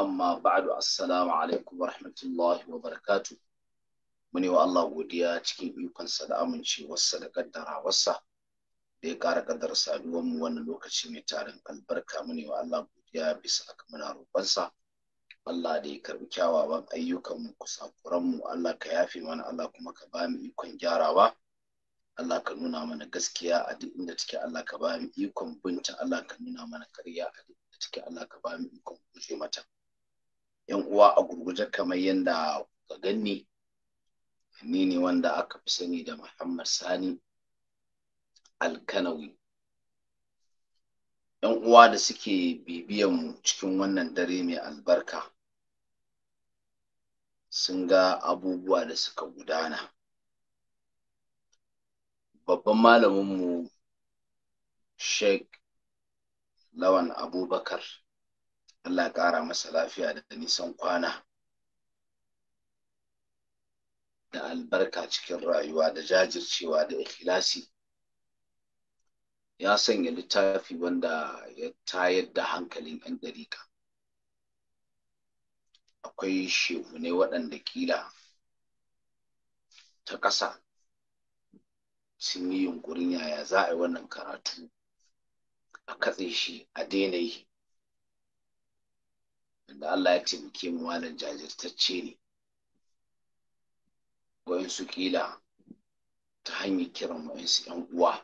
amma ba'adu assalamu alaikum wa barakatu mune wa Allah godiya cikin ikonsa da amincewarsa da kaddarawarsa da ya ƙara kaddar saduwar mu wannan lokaci mai tarin albarka mune wa Allah godiya bisa aka muna roƙonsa Allah da ya karbi kyawawan ayyukan mu kusakuran mu Allah ka yafe mana Allah kuma ka ba mu ikon gyarawa Allah ka nuna mana gaskiya a duk inda take Allah ka ba mu ikon bunta. Allah ka nuna mana ƙarya a duk inda take Allah ka ba mu ikon guje mata yan uwa a gurguje kamar yadda ka ganni ni ne wanda aka fi sani da Muhammad Sani Alkanawi yan uwa da suke bibiyan mu cikin wannan dare mai albarka sun ga abubuwa da suka gudana babban malaminmu Sheikh Lawan Abubakar Allah ƙara masa lafiya da nisan kwana da albarka cikin rayuwa da jajircewa da ikhlasi ya sanya littafi wanda ya tayar da hankalin 'yan ɗarika akwai shehunai waɗanda ƙila ta ƙasa sun yi yunkurin yaya za a yi wannan karatu a katse shi a daina yi da Allah ya taimake mu wannan jajirtacce ne su kila ta hanyar kiran su yan uwa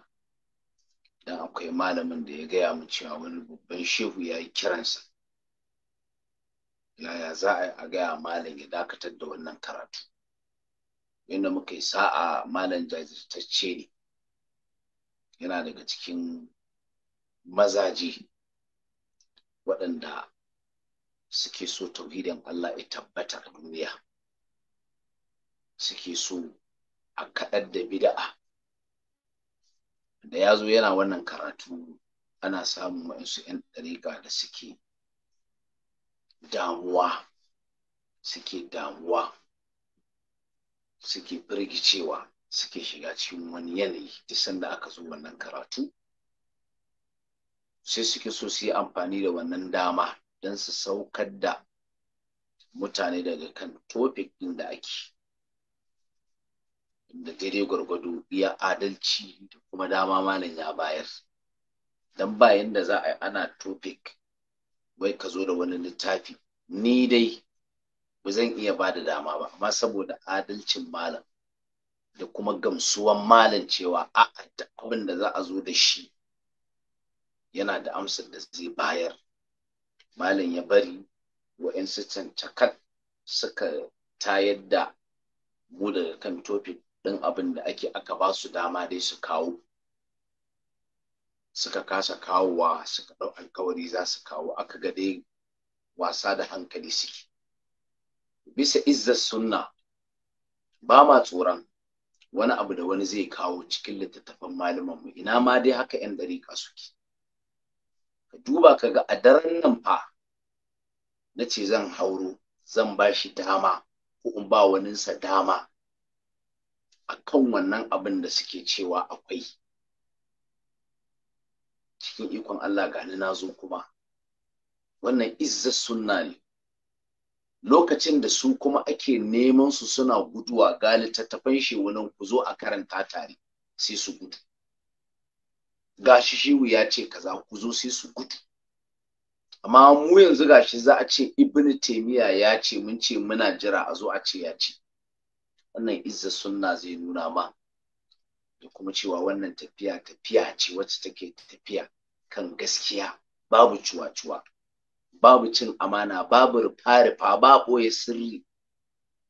dan akwai malamin da ya gaya mu cewa wani babban shehu ya yi kiransa yaya za a gaya malam ya dakatar da wannan karatu inda muka yi sa'a malam jajirtacce ne yana daga cikin mazaje waɗanda suke so tauhidin Allah ya tabbata a duniya suke so a kaɗar da bida'a da ya zo yana wannan karatu ana samun wa'insu 'yan ɗariƙa da suke damuwa suke damuwa suke firgicewa suke shiga cikin wani yanayi duk sanda aka zo wannan karatu sai suke so su yi amfani da wannan dama don su saukar da mutane daga kan topic ɗin da ake da daidai gwargwado ya adalci da kuma dama malam ya bayar don bayan da za a yi ana topic wai ka zo da wani littafi ni dai ba zan iya ba da dama ba amma saboda adalcin malam da kuma gamsuwan malam cewa a abin da za a zo da shi yana da amsar da zai bayar malam ya bari wa can cakat suka tayar da mu daga kan topic ɗin abin da ake aka ba su dama dai su kawo suka kasa kawowa suka ɗau alkawari za su kawo aka ga dai wasa da hankali suke bisa izzar sunna ba ma tsoron wani abu da wani zai kawo cikin littattafan malamanmu ina ma dai haka 'yan ɗariƙa suke ka duba ka ga a daren nan fa na ce zan hauro zan ba shi dama ko in ba waninsa dama a kan wannan abin da suke cewa akwai cikin ikon Allah ga na nazo kuma wannan izza sunna ne lokacin da su kuma ake neman su suna guduwa ga littattafan shi wani ku zo a karanta tare sai su gudu gashi shehu ya ce kaza ku zo sai su gudu amma mu yanzu gashi za a ce ibn taymiya ya ce mun ce muna jira a zo a ce ya ce wannan izza sunna zai nuna ma da kuma cewa wannan tafiya tafiya ce wacce take tafiya kan gaskiya babu cuwa-cuwa babu cin amana babu rufa-rufa ba ɓoye sirri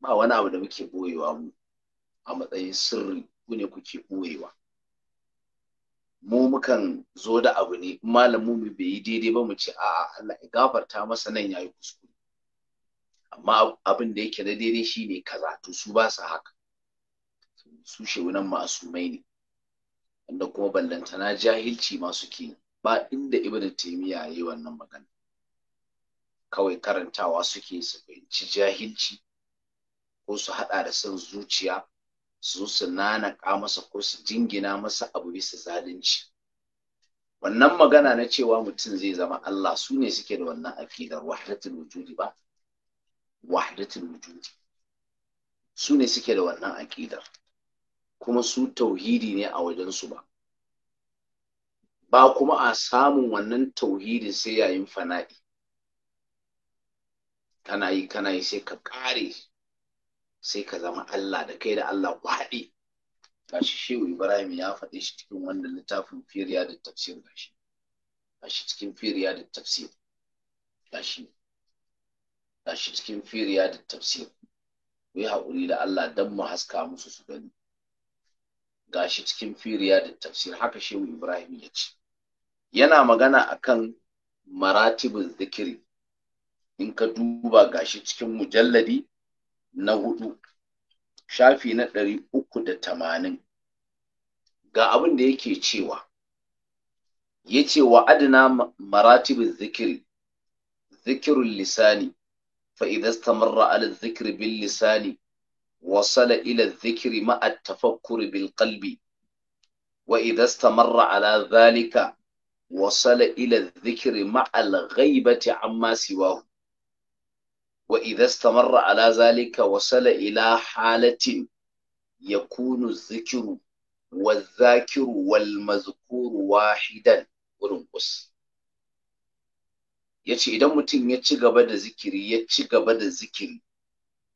ba wani abu da muke ɓoyewa mu a matsayin sirri ku ne kuke ɓoyewa mu mukan zo da abu ne malam mu bai yi daidai ba mu ce a'a Allah ya gafarta masa nan yayi kuskure amma abin da yake na daidai shine kaza to su ba su haka su shewunan ma'asumai ne wanda kuma ballantana jahilci ma suke ba inda ibnu taymiya yayi wannan magana kawai karantawa suke su fahimci jahilci ko su haɗa da son zuciya su su nanaka masa ko su jingina masa abu bisa zalunci wannan magana na cewa mutum zai zama Allah su ne suke da wannan aƙidar wahdatul wujudi ba wahdatul wujudi su ne suke da wannan aƙidar kuma su tauhidi ne a wajen su ba ba kuma a samun wannan tauhidi sai yayin fana'i kana yi kana yi sai ka ƙare sai ka zama Allah da kai da Allah ku haɗe gashi shehu Ibrahim ya faɗi shi cikin wanda littafin firiya da tafsir Ga gashi cikin firiya da tafsir gashi gashi cikin firiya da tafsir ku yi haƙuri da Allah don mu haska musu su gani gashi cikin firiya da tafsir haka shehu Ibrahim ya ce yana magana akan maratibin zikiri in ka duba gashi cikin mujalladi na huɗu, shafi na ɗari uku da tamanin ga abin da yake cewa ya ce wa adina maratibin zikiri zikirin lisani fa’ida stamarra ala zikiri bin lisani wasala ila zikiri ma’ad tafakkuri bil ƙalbi, wa’ida stamarra ala zalika wasala ila zikiri ma’al ghaibati amma siwahu wa idza istamarra ala zalika wasala ila halatin yakunu dhikru والذاكر والمذكور hidan wurin kus yace idan mutum ya ci gaba da zikiri ya ci gaba da zikiri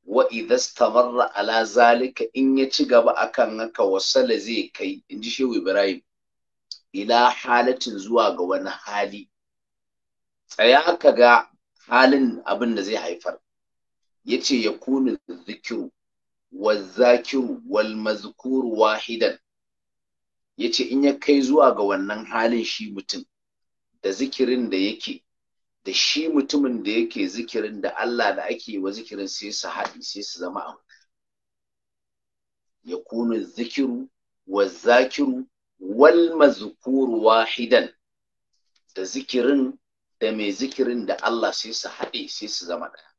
wa idza stamarra ala zalika in ya ci gaba akan haka wasala zai kai ji shehu ibrahim ila halatin zuwa ga wani hali tsaya ka ga halin abin da zai haifar yace kunu zikiru wa zakiru wal mazkuru wahidan yace in ya kai zuwa ga wannan halin shi mutum da zikirin da yake da shi mutumin da yake zikirin da Allah da ake wa zikirin sai su haɗi sai su zama a ya kunu zikiru wa zakiru wal mazkuru wahidan da zikirin da mai zikirin da Allah sai su haɗe sai su zama ɗaya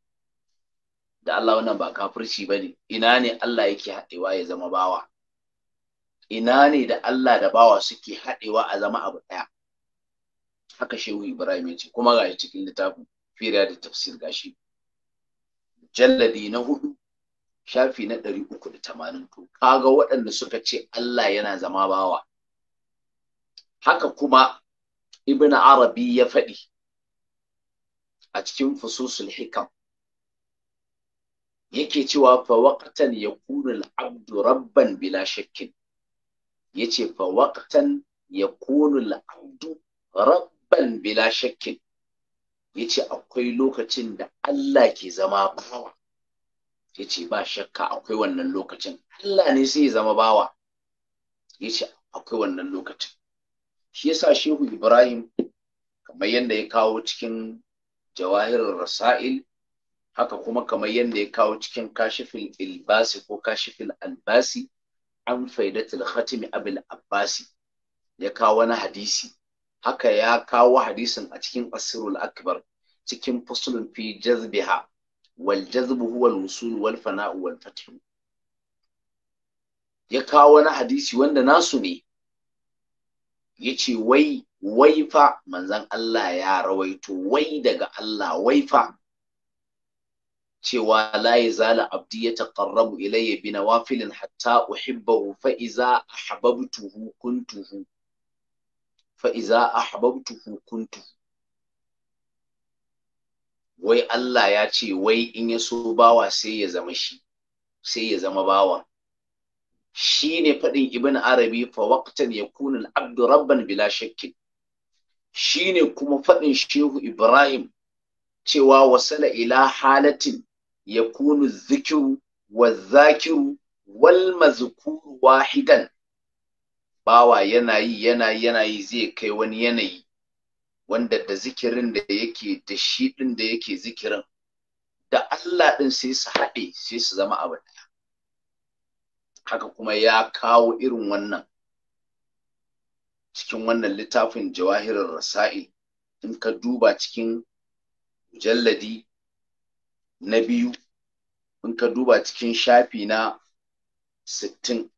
da Allah wannan ba kafirci ba ne ina ne Allah yake haɗewa ya zama bawa ina ne da Allah da bawa suke haɗewa a zama abu ɗaya haka shehu Ibrahim ya ce kuma ga shi cikin littafin fira da tafsir gashi jalladi na hudu shafi na ɗari uku da tamanin to kaga waɗanda suka ce Allah yana zama bawa haka kuma ibn arabi ya faɗi a cikin fususul hikam yake cewa fa waqtan yakunu al-abdu rabban bila shakkin yace fa waqtan yakunu al-abdu rabban bila shakkin yace akwai lokacin da Allah ke zama bawa yace ba shakka akwai wannan lokacin Allah ne sai ya zama bawa yace akwai wannan lokacin shi yasa Shehu Ibrahim kamar yadda ya kawo cikin jawahir rasail haka kuma kamar yadda ya kawo cikin kashifin ilbasi ko kashifin albasi an faidatul khatimi abil abbasi ya kawo wani hadisi haka ya kawo hadisin a cikin asirul akbar cikin fusulun fi jazbiha wal jazbu huwa al-wusul wal fana'u wal ya kawo wani hadisi wanda nasu ne yace wai wai fa manzon Allah ya rawaito wai daga Allah waifa cewa layi zala abdi ya taqarrabu ilayya bi nawafilin hatta uhibbahu fa iza ahbabtuhu kuntuhu fa iza ahbabtuhu kuntuhu wai Allah ya ce wai in ya so bawa sai ya zama shi sai ya zama bawa shi ne faɗin ibn arabi fa waqtan yakunu al-abdu rabban bila shakkin shi ne kuma faɗin shehu ibrahim cewa wasala ila halatin yakunu zikiru wa zakiru wal mazkuru wahidan bawa yana yi yana yanayi zai kai wani yanayi wanda da zikirin da yake da shi din da yake zikirin da Allah ɗin sai su haɗe sai su zama abu haka kuma ya kawo irin wannan cikin wannan littafin jawahirar rasa'i in ka duba cikin mujalladi na biyu in ka duba cikin shafi na sittin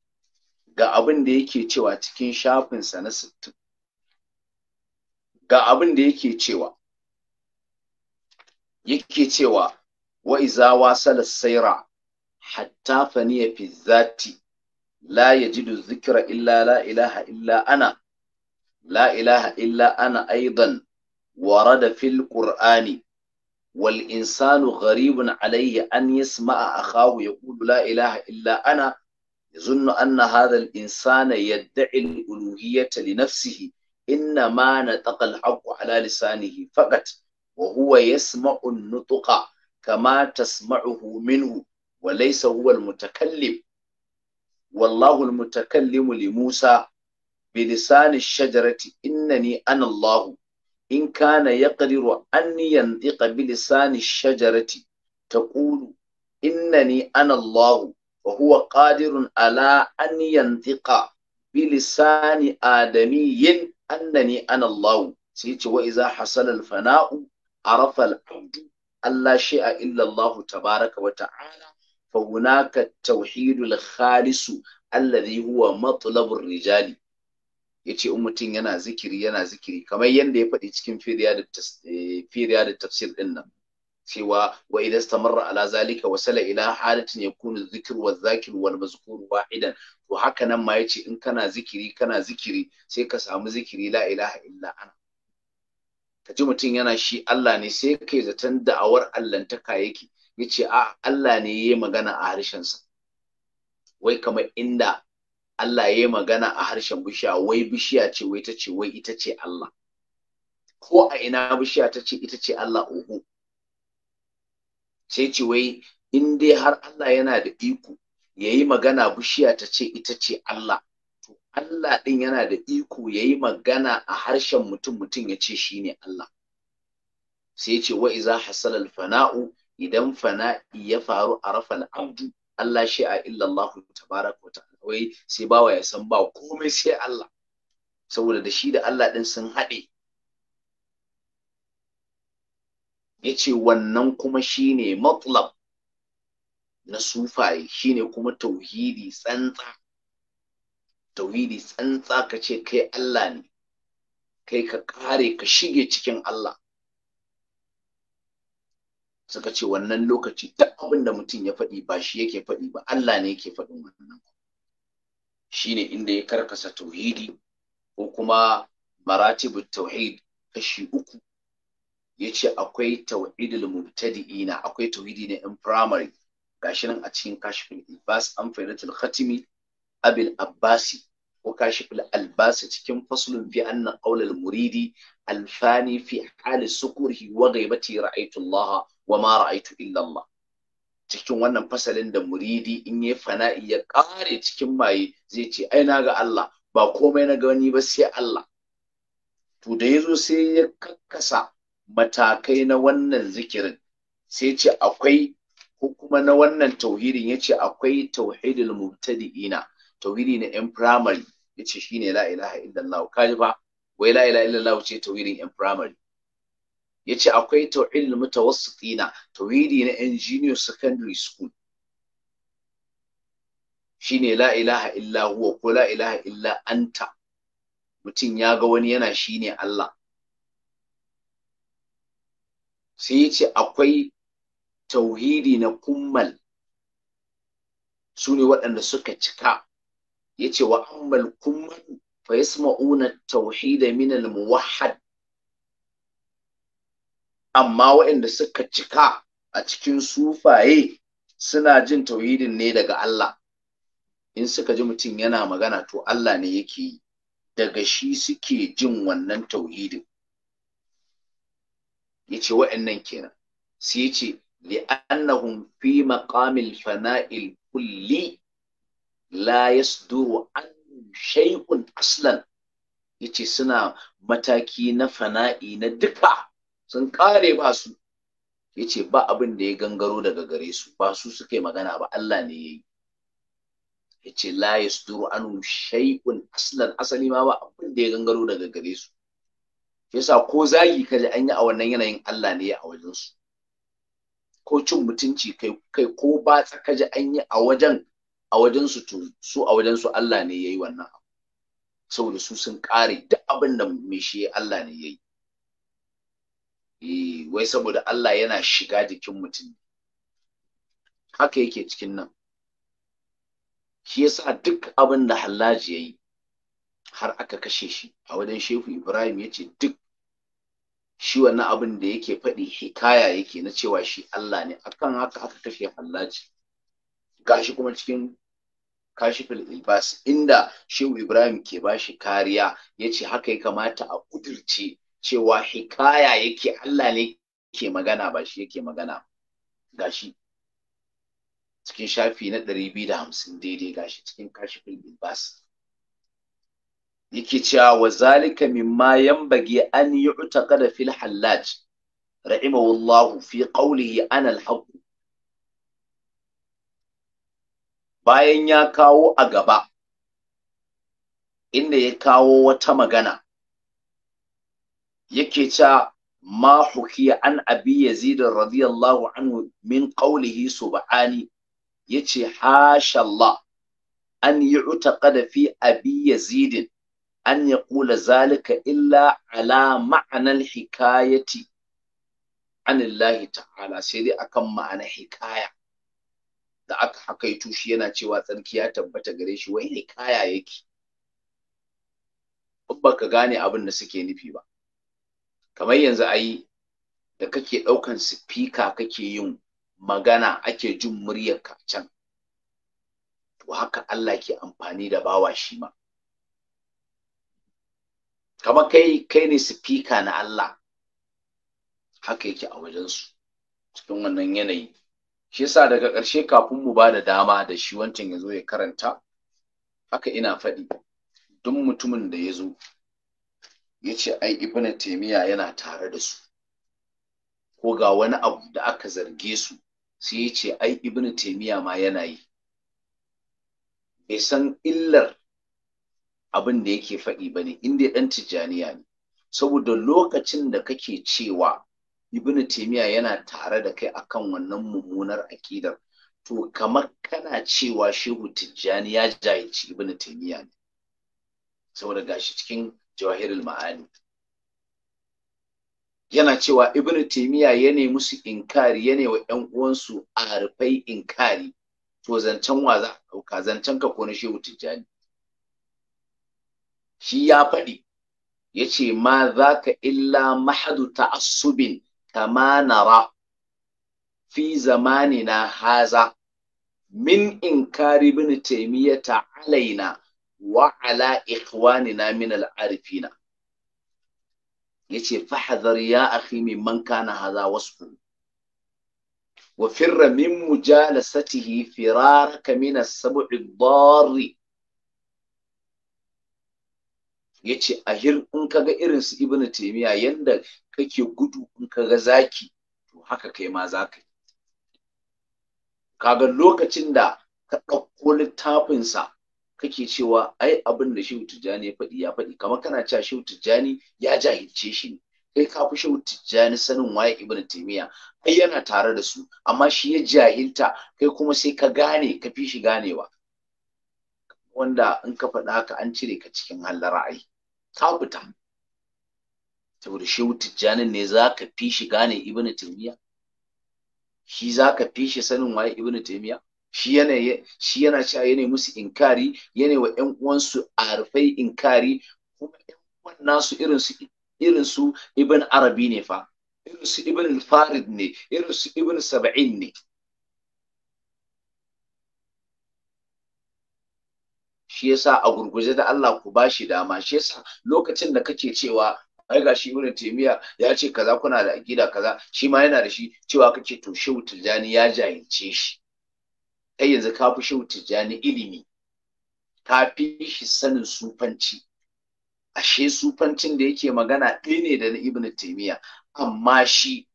ga abin da yake cewa cikin shafinsa na sittin ga abin da yake cewa yake cewa wa iza wasala saira hatta faniya fi zati la yajidu zikra illa la ilaha illa ana la ilaha illa ana aidan warada fil qur'ani wal insanu gharibun alayhi an yasma'a akahu yaqulu la ilaha illa ana يظن أن هذا الإنسان يدعي الألوهية لنفسه إنما نطق الحق على لسانه فقط وهو يسمع النطق كما تسمعه منه وليس هو المتكلم والله المتكلم لموسى بلسان الشجرة إنني أنا الله in kana yaqdiru an yantiqa bi lisani shajarati taqulu innani ana allahu wa huwa ƙadirun ala an bilisani bi lisani adamiyyin annani ana allahu sai ce wa iza fana'u arafa al abdu Allah shi'a illa Allah tabaraka wa ta'ala fa hunaka at-tauhid alladhi huwa matlab rijali ya ce in mutum yana zikiri yana zikiri kamar yadda ya faɗi cikin firiya eh, da tafsir ɗin nan cewa wa idan stamarra ala zalika wa sala ila halatin yakunu zikr wa zakir wal mazkur wahidan to haka nan ma yace in kana zikiri kana zikiri sai ka samu zikiri la ilaha illa ana ka mutum yana shi Allah ne sai kai zaton da'awar allantaka yake yace a Allah ne yayi magana a harshen sa wai kamar inda Allah ya yi magana a harshen bishiya wai bishiya ce wai ta ce wai ita ce Allah ko a ina bishiya ta ce ita ce Allah uhu sai ce wai in dai har Allah yana da iko ya yi magana bishiya ta ce ita ce Allah to Allah ɗin yana da iko ya yi magana a harshen mutum mutum ya ce shi ne Allah sai ce wa iza hasalal fana'u idan fana'i ya faru a rafal abdu Allah shi a illallahu tabaraka wa haƙuri sai bawa ya san ba komai sai Allah saboda da shi da Allah din sun haɗe yace wannan kuma shine matlab na sufaye shine kuma tauhidi tsantsa tauhidi tsantsa ka ce kai Allah ne kai ka kare ka shige cikin Allah suka ce wannan lokaci duk abin da mutum ya faɗi ba shi yake faɗi ba Allah ne yake faɗin wannan shine inda ya karkasa tauhidi ko kuma maratibu tauhid kashi uku yace akwai tauhidul mubtadi'ina akwai tauhidi na in primary gashi nan a cikin kashifin ibas an fayyatul khatimi abil abbasi ko kashiful albasi cikin faslun fi anna qaulal muridi alfani fi hali sukurhi wa ghaibati ra'aytu Allah wa ma ra'aytu illa Allah cikin wannan fasalin da muridi in ya fana'i ya ƙare cikin maye zai ce ai na ga Allah ba komai na ga wani ba sai Allah to da yazo sai ya kakkasa matakai na wannan zikirin sai ce akwai ko kuma na wannan tauhidin yace akwai tauhidul mubtadi'ina tauhidi na yan primary yace shine la ilaha illallah kaji ba wai la ilaha illallah ce tauhidin yan primary yace akwai tauhidul mutawassitina tauhidi na yan secondary school shine la ilaha illa huwa ko la ilaha illa anta mutum ya ga wani yana shine Allah sai yace akwai tauhidi na kummal su waɗanda suka cika yace wa ammal kummal fa yasma'una tauhida min al muwahhad amma waɗanda suka cika a cikin sufaye suna jin tauhidin ne daga Allah in suka ji mutum yana magana to Allah ne yake daga shi suke jin wannan tauhidin yace waɗannan kenan sai yace li'annahum fi maqamil fana'il kulli la yasduru an shay'un aslan yace suna mataki na fana'i na duka sun kare ba su yace ba abin da ya gangaro daga gare su ba su suke magana ba Allah ne yayi yace la yasduru anu, shay'un aslan asali ma ba abin da ya gangaro daga gare su yasa ko zagi kaji an yi a wannan yanayin Allah ne ya a wajen su ko cin mutunci kai kai ko ba kaji an yi a wajen a wajen su su a wajen su Allah ne yayi wannan saboda su sun kare duk abin da mai shi Allah ne yayi Eh, wai saboda Allah yana shiga jikin mutum haka yake cikin nan shi yasa duk abin da hallaji ya yi har aka kashe shi a wajen shehu ibrahim ya ce duk shi wannan abin da yake faɗi hikaya yake na cewa shi Allah ne akan haka aka kashe hallaji gashi kuma cikin kashifil ilbas inda shehu ibrahim ke bashi kariya ya ce haka ya kamata a kudirce cewa hikaya yake Allah ne ke magana ba shi yake magana gashi cikin shafi na ɗari biyu da hamsin daidai gashi cikin kashifin ilbas yake cewa wa zalika mimma yanbaghi an yu'taqada fil hallaj rahimahullahu fi qawlihi ana al bayan ya kawo a gaba inda ya kawo wata magana yake ca ma huki an abi yazid radiyallahu anhu min qawlihi subhani yace hasha Allah an yu'taqada fi abi yazid an yaqula zalika illa ala ma'na al-hikayati an Allah ta'ala sai dai akan ma'ana hikaya da aka hakaito shi yana cewa tsarki ya tabbata gare shi wai hikaya yake ka gane abin da suke nufi ba kamar yanzu ayi da kake ɗaukan sifika kake yin magana ake jin muryarka can to haka Allah ke amfani da bawa shi ma kamar kai kai ne sifika na Allah haka yake a wajensu cikin wannan yanayi shi yasa daga ƙarshe kafin mu ba da dama da shi wancan ya zo ya karanta haka ina faɗi duk mutumin da ya zo ya ce ai ibn taimiya yana tare da su ko ga wani abu da aka zarge su sai ya ce ai ibn taimiya ma yana yi bai san illar abin da yake faɗi ba ne inda ɗan tijjaniya ne saboda lokacin da kake cewa ibn taimiya yana tare da kai akan wannan mummunar akidar to kamar kana cewa shehu tijjani ya jayyaci ibn taimiya ne saboda gashi cikin jawahirul ma'ani yana cewa ibn taimiya ya ne musu inkari ya ne wa 'yan uwansu a harfai inkari to zancen wa za ka zancen ka ko na shehu tijjani shi ya faɗi ya ce ma za ka illa mahadu ta'assubin kama nara fi zamanina haza min inkari ibn ta alaina wa ala na min al-arifina yace fahadhar ya akhi man kana hadha wasfu wa firra min mujalasatihi firaraka min as-sab'i ad yace ahir in kaga irin su ibnu taymiya yanda kake gudu in kaga zaki to haka kai ma zaka kaga lokacin da ka ɗauko littafinsa kake cewa ai abin da shehu tijjani ya faɗi ya faɗi kamar kana cewa shehu tijjani ya jahilce shi ne kai ka fi shehu tijjani sanin waye ibnu taymiya ai yana tare da su amma shi ya jahilta kai kuma sai ka gane ka fi shi ganewa wanda in ka faɗa ka an cire ka cikin hallar ra'ayi ka fita saboda shehu tijjani ne za ka fi shi gane ibnu taymiya shi za ka fi shi sanin waye ibnu taymiya shi yana shi yana cewa yana musu inkari yana wa ƴan uwansu arfai inkari kuma ƴan uwan nasu irin su irin su ibn arabi ne fa irin su ibn farid ne irin su ibn sab'in ne shi yasa a gurguje da Allah ku bashi dama shi yasa lokacin da kake cewa ai ga shi ibn taymiya ya ce kaza kuna da aqida kaza shi ma yana da shi cewa kake to shehu jani ya jahilce shi kai yanzu ka fi shehu tijjani ilimi ka fi shi sanin sufanci ashe sufancin da yake magana ɗaya ne da na ibn taimiya amma shi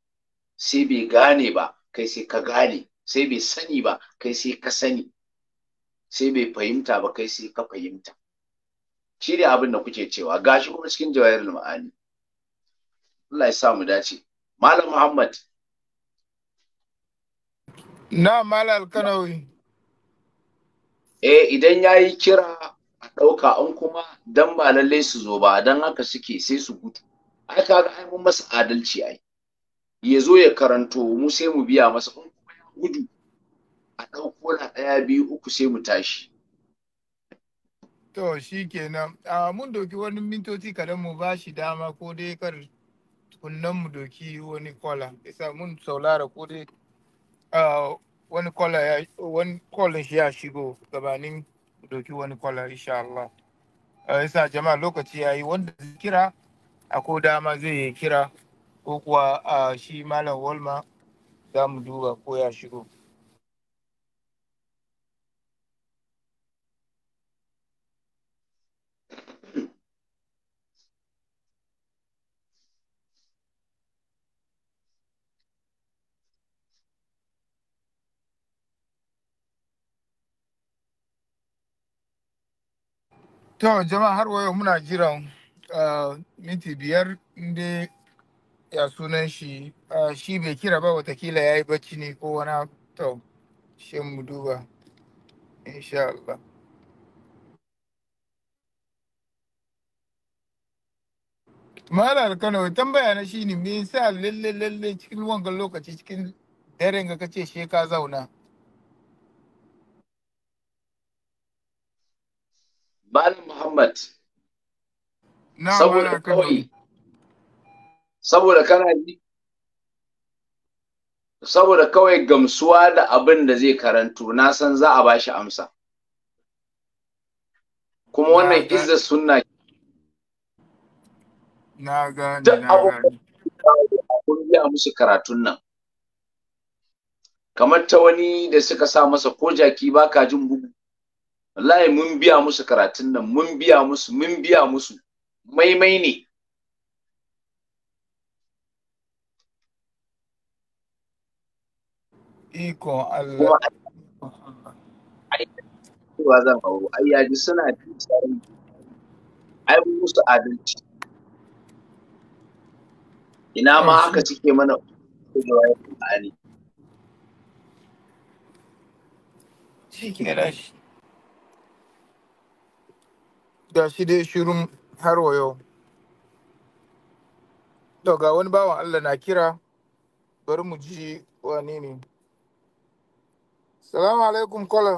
sai bai gane ba kai sai ka gane sai bai sani ba kai sai ka sani sai bai fahimta ba kai sai ka fahimta shi ne abin da kuke cewa gashi kuma cikin jawayar ma'ani Allah ya sa mu dace malam muhammad na malam alkanawi eh idan ya yi kira a ɗauka an kuma dan ba lallai su zo ba dan haka suke sai su gudu ai ga ai mun masa adalci ai ya zo ya karanto mu sai mu biya masa in kuma ya gudu a ɗauko na ɗaya biyu uku sai mu tashi to shi kenan mun doki wani mintoci kadan mu ba shi dama ko dai kar kunnan mu doki wani kwala isa mun saulara ko dai wani kwala ya wani kwallon shi ya shigo gabanin doki wani kwala insha Allah eh, yasa jama'a lokaci yayi wanda zai kira ko dama zai yi kira ko kuwa shi malam Walma za mu duba ko ya shigo To jama'a har wayo muna jiran ah, minti biyar inda ya sunan shi ah, shi bai kira ba watakila ya yi bacci ne ko wani to shi mu duba insha Allah. Malar Kano tambaya na shi ne me yasa lalle lalle cikin wangan lokaci cikin daren ga kace she ka zauna. Malam Muhammad. Saboda kawai. Saboda kana yi. Saboda kawai gamsuwa da abin da zai karanto, na san za a bashi amsa. Kuma wannan izza sunna. Na gani, na gane. kun musu karatun nan kamar ta wani da suka sa masa ko jaki ba ka jin bugu wallahi mun biya musu karatun nan mun biya musu mun biya musu maimai ne iko Allah cewa zan auro ai ya ji suna tsarin ai musu adalci ina ma haka cike mana da wani shi ga shi dai shirin har wa yau to ga wani bawan Allah na kira bari mu ji wani ne salamu alaikum kola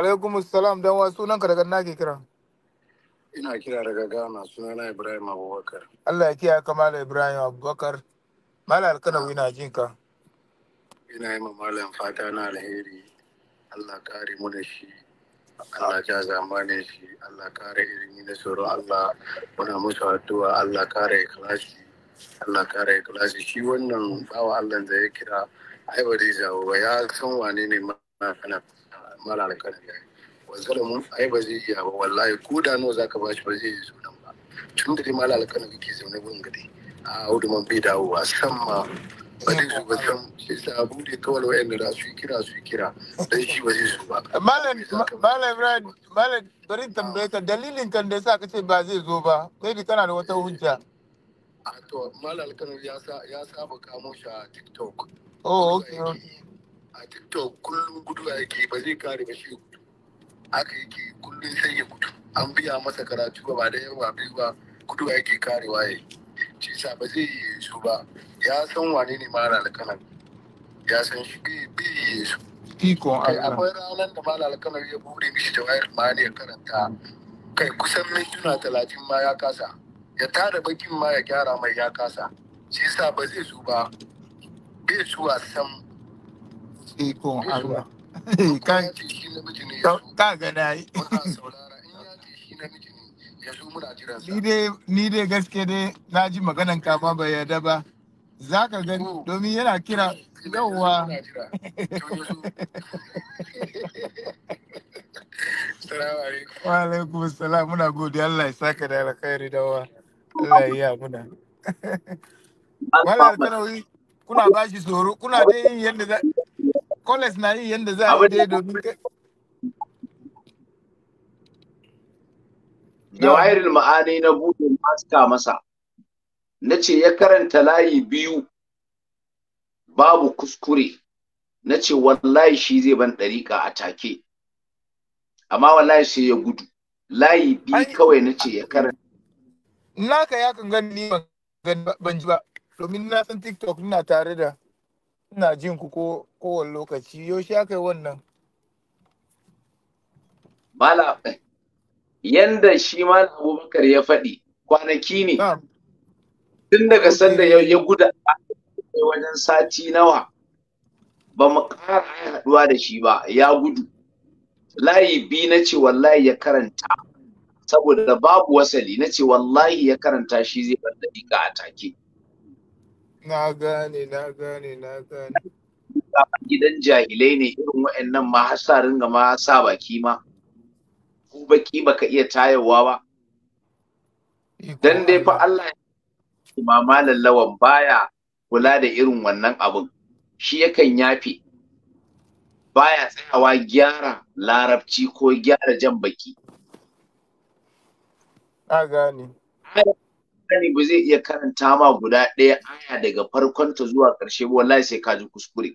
alaikum salam dan wa nan ka daga ke kira ina kira daga suna sunana Ibrahim Abubakar Allah ya kiyaye kamala Ibrahim Abubakar Malam Alkanawi na jin ka ina yi malam fata na alheri Allah kare mu da shi Allah ja zamani shi Allah kare ilimi da tsoron Allah muna musu addu'a Allah kare ikhlasi Allah kare ikhlasi shi wannan bawa Allah da ya kira ai ba zai jawo ba ya san wane ne mara mara alƙalin wanzala yi. ai ba zai iya ba wallahi ko da nawa zaka bashi ba zai yi sunan ba tun da dai mala da kake zaune gun gari a auduman bai dawowa san ma manajan ba zan shi sa bude kawai wa'anda da su kira su kira dan shi ba zai zo ba malam malam ibrahim malam bari tambaye ka dalilin kan da ka ce ba zai zo ba maybe kana da wata hujja a to malam alkano ya sa ya saba kamo shi a tiktok oh okay a tiktok kullum gudu yake ba zai kare ba shi gudu. haka yake kullum sai ya gudu an biya masa karatu ba da yawa biyu ba gudu yake karewa yayi ce sa ba zai yi su ba ya san wane ne mara alkanar ya san shi bi yi su akwai ranar da mara alkanar ya bude mishi jawahir ma ne karanta kai kusan mintuna talatin ma ya kasa ya tara bakin ma ya gyara mai ya kasa shi sa ba zai su ba bai su a san ikon kan ce shi na yi in ya ce shi namiji ni dai gaske dai na ji maganan kama bai yarda ba za ka gani oh. domin yana kira yauwa wa alaikum salam muna gode Allah ya saka da alkhairi dawa Allah ya muna wala tarawi kuna ba shi tsoro kuna dai yin yadda za Koles na yin yadda za a dai domin jawahirul ma'ani na buɗe maska masa na ce ya karanta layi biyu babu kuskure na ce wallahi shi zai ban ɗariƙa a take amma wallahi sai ya gudu layi biyu kawai na ce ya karanta naka ya kan gani ban ji ba domin na san tiktok ina tare da ina jin ku kowane lokaci yaushe aka yi wannan Mala, eh, yanda shi ma abubakar ya faɗi kwanaki ne tun daga sanda ya guda wajen sati nawa ba mu ƙara haɗuwa da shi ba ya gudu layi bi na ce wallahi ya karanta saboda babu wasali na ce wallahi ya karanta shi zai bar daƙiƙa a take na gane na gane na gane gidan jahilai ne irin wa'annan ma har sa ringa ma sa baki ma ku baki baka iya tayawa ba dan dai fa Allah imama lallawan baya kula da irin wannan abun shi yakan yafe baya tsayawa gyara larabci ko gyara jan baki a gane ba zai iya karanta ma guda ɗaya aya daga farkon ta zuwa ƙarshe wallahi sai ka ji kuskure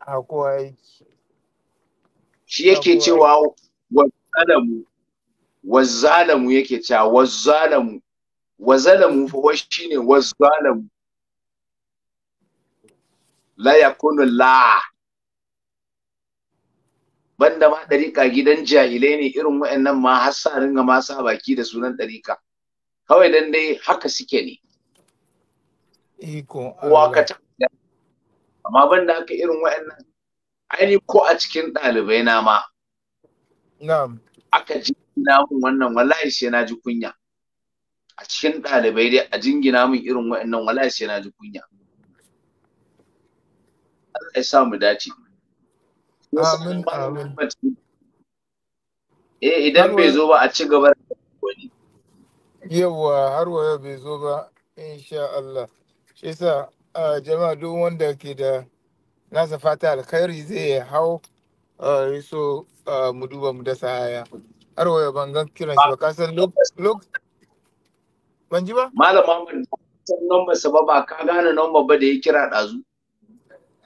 akwai shi yake cewa wazzalamu wazzalamu yake cewa wazzalamu wazzalamu fa wa shine wazzalamu la yakunu la banda ma ɗariƙa gidan jahilai ne irin waɗannan ma har sa ringa ma sa baki da sunan ɗariƙa kawai dan dai haka suke ne iko kowa ka amma banda haka irin waɗannan aini ko a cikin ɗalibai na ma aka jingina min wannan wallahi sai na ji kunya a cikin ɗalibai dai a jingina min irin waɗannan wallahi sai na ji kunya Allah ya sa mu dace amin amin eh idan bai zo ba a ci gaba da wani yawa har waya bai zo ba insha Allah shi yasa ah, jama'a duk wanda ke da nasa fata alkhairi zai hau Ah, so ah, mu duba mu dasa haya. Har waya ban gan kiran shi ba ka san lok lok ban ji ba? Malam Muhammad san number sa ba ba ka gane number ba da ya kira dazu.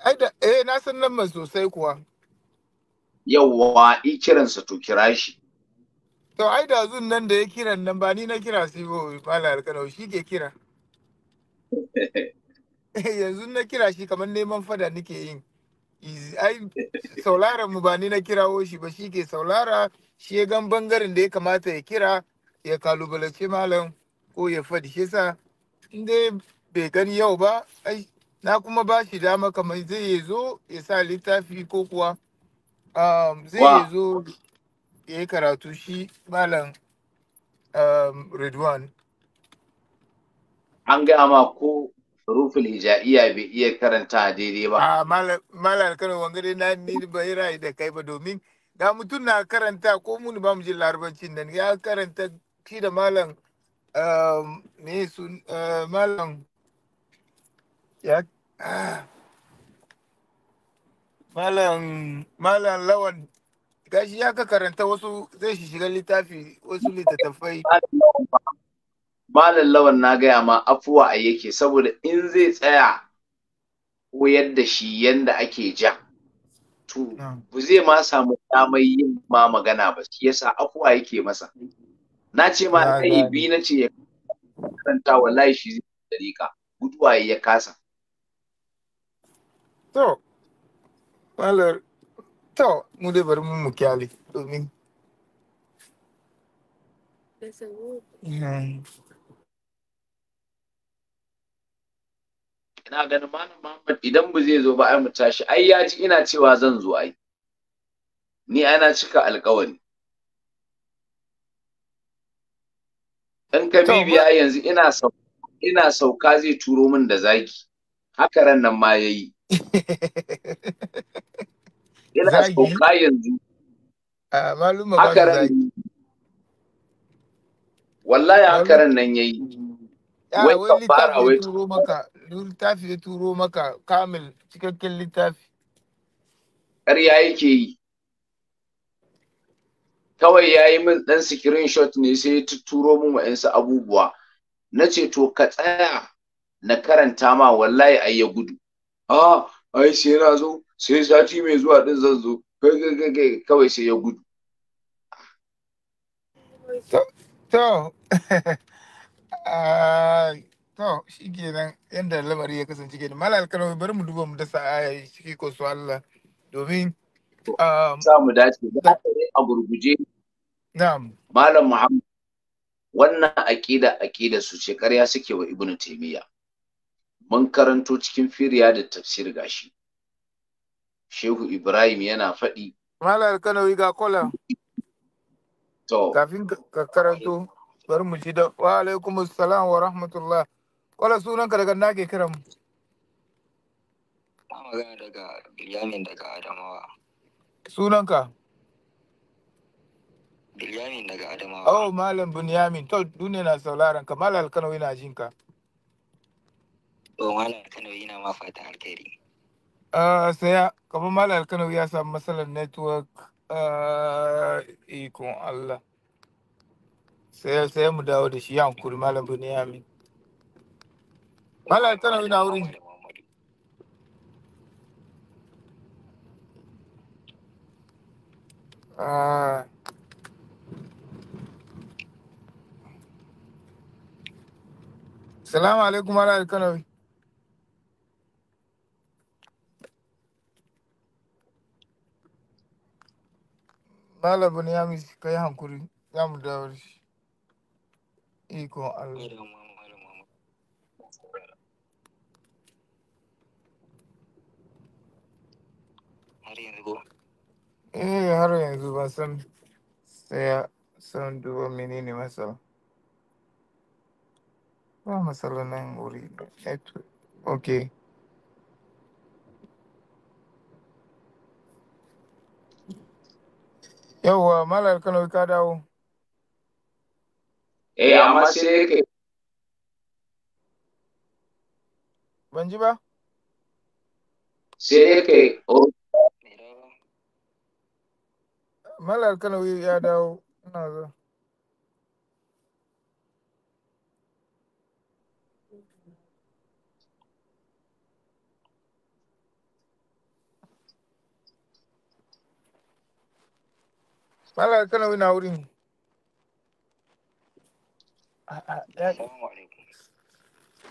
Ai da eh na san number sosai kuwa. Yawwa i kiran sa to kira shi. To ai da zun nan da ya kiran nan ba ni na kira sai ba Malam Alkanau shi ke kira. Yanzu na kira shi kamar neman fada nake yin. ai saulara mu ba ni na kirawo shi ba shi ke saulara shi ya gan bangaren da ya kamata ya kira ya kalubalace malam ko ya fadi shi sa inda bai gani yau ba ai na kuma ba shi dama kamar zai ya zo ya sa littafi ko kuwa um, zai ya zo ya yi karatu shi malam um, Redwan. An gaya ma ko rufin hijaiya bai iya karanta daidai ba. A malar kano wangare na ni ba yi rayu da kai ba domin da mutum na karanta ko mun ba mu ji larabancin nan ya karanta shi da malam ne um, su uh, malam ya ah, malam malam lawan gashi ya ka karanta wasu zai shiga littafi wasu littattafai malam lawan na gaya ma afuwa a yake saboda in zai tsaya koyar da shi yanda ake ja to bu zai ma samu damar yin ma magana ba shi yasa afuwa yake masa na ce ma kai bi na ce ya karanta wallahi shi zai dariƙa gudwa ya kasa to malar to mu dai bari mu kyale domin ina ganin malam Muhammad idan ba zai zo ba ai mu tashi ai ya ji ina cewa zan zo ai ni ana cika alƙawari Dan ka bibiya yanzu ina sauka ina sauka zai turo min da zaki haka ran nan ma yayi ina sauka yanzu haka ran wallahi haka ran nan yayi wai ka fara wai turo maka littafi ya turo maka kamil cikakken littafi ƙarya yake yi kawai ya yi min ɗan screenshot ne sai ya turo min wa'insu abubuwa na ce to ka tsaya na karanta ma wallahi ai ya gudu ah ai sai na zo sai sati mai zuwa ɗin zan zo kawai sai ya gudu to To, shi kenan yadda lamari ya kasance kenan. Malal Karawi bari mu duba mu dasa aya shi ko su Allah domin um, za mu dace da a gurguje. Na'am. Malam Muhammad wannan aƙida aƙida su ce ƙarya suke wa Ibn Taimiyya, Mun karanto cikin firiya da tafsir gashi. Shehu Ibrahim yana faɗi. Malal Kanawi ga kola. To. Kafin ka karanto bari mu ji da wa alaikumus salam wa rahmatullah. Wala sunanka daga na ke kiran mu. Na magana daga Bilyamin daga Adamawa. Sunanka? Bilyamin daga Adamawa. Oh, Malam Bunyamin. To, duniya na sauraron ka. Malam Alkano yana jin ka. To, Malam Alkano yana ma fata alkhairi. Uh, saya, kamar Malam Alkano ya samu matsalar network uh, ikon Allah. Sai sai mu dawo da shi ya hankuri Malam Bunyamin. Malam tana yana na Ah. Salamu alaikum ala alkanawi. Malam Bunyamin ka yi hankuri, za mu dawo da shi. Ikon Allah. har yanzu Eh, har yanzu ba san sai san duba menene matsala. Ba matsala nan wuri. Okay. Yawwa, Malar Kano ka dawo. Eh, amma sai ke. Ban ji ba? Sai ka Malar Kalawi ya dawo ina zo. Malar Kalawi na wurin.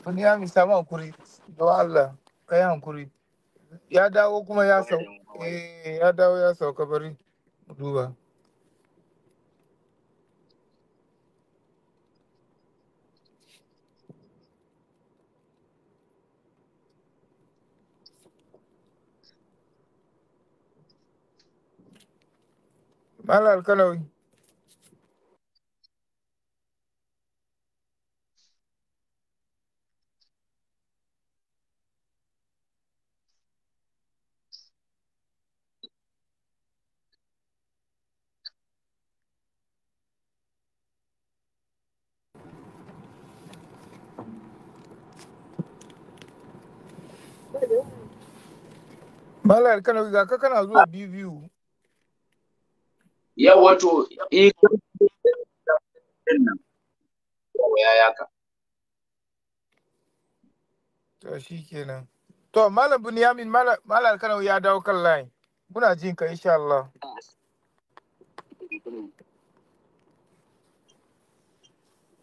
Wani ya misa ma hankuri, don Allah, ka kuri. hankuri. Ya dawo kuma ya sauka, eh, ya dawo ya sauka bari. Lula. Malal kalau Malar Kano kana ah. eh, Ya wato dawo kan line. Muna jin ka insha Allah.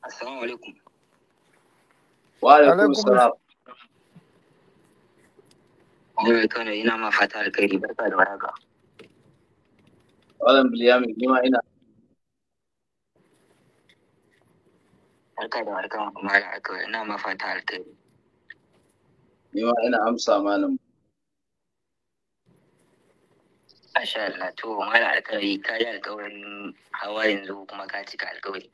Assalamu alaikum. Wa alaikum salam. Mai eh, Kano ina ma fata alkhairi barka da warhaka. Wannan Bilyamin ni ma ina Barka da warhaka Malam Akawa ina ma fata alkhairi. Ni ma ina amsa malam. Masha Allah to Malam Alkawari ka yi alkawarin hawa yanzu kuma ka cika alkawari.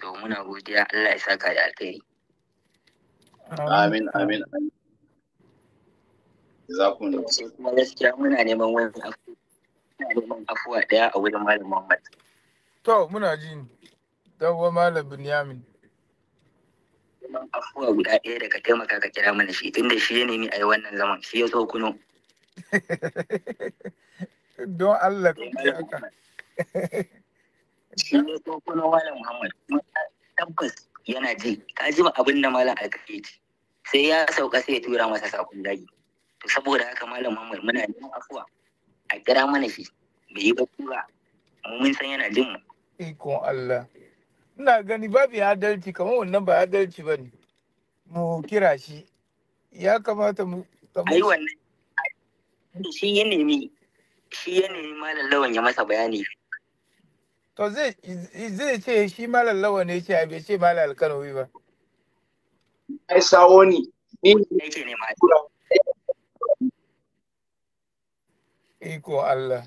So muna godiya Allah ya saka da alkhairi. Amin amin amin. Zakun. Sai kuma gaskiya muna neman wani muna neman afuwa ɗaya a wurin Malam Muhammad. To muna ji dawo Malam Binyamin. Neman afuwa guda ɗaya daga taimaka ka kira mana shi tunda shi ya nemi a yi wannan zaman shi ya so kuno. Don Allah ka yi haka. Shi ya so kuno Malam Muhammad. Tabbas yana ji, ka ji ba abin da Malam Alkaiti. Sai ya sauka sai ya tura masa sakon daji. saboda haka malam Muhammad muna neman afuwa a kira mana shi bai yi bacci ba mun san yana jin mu iko Allah ina gani babu ya adalci kamar wannan ba adalci ba ne mu kira shi ya kamata mu ai wannan shi ya nemi shi ya nemi malam lawan ya masa bayani to zai zai ce shi malam lawan ne ce bai ce malam alkanowi ba ai sawo ne ni ne ke ne malam iko Allah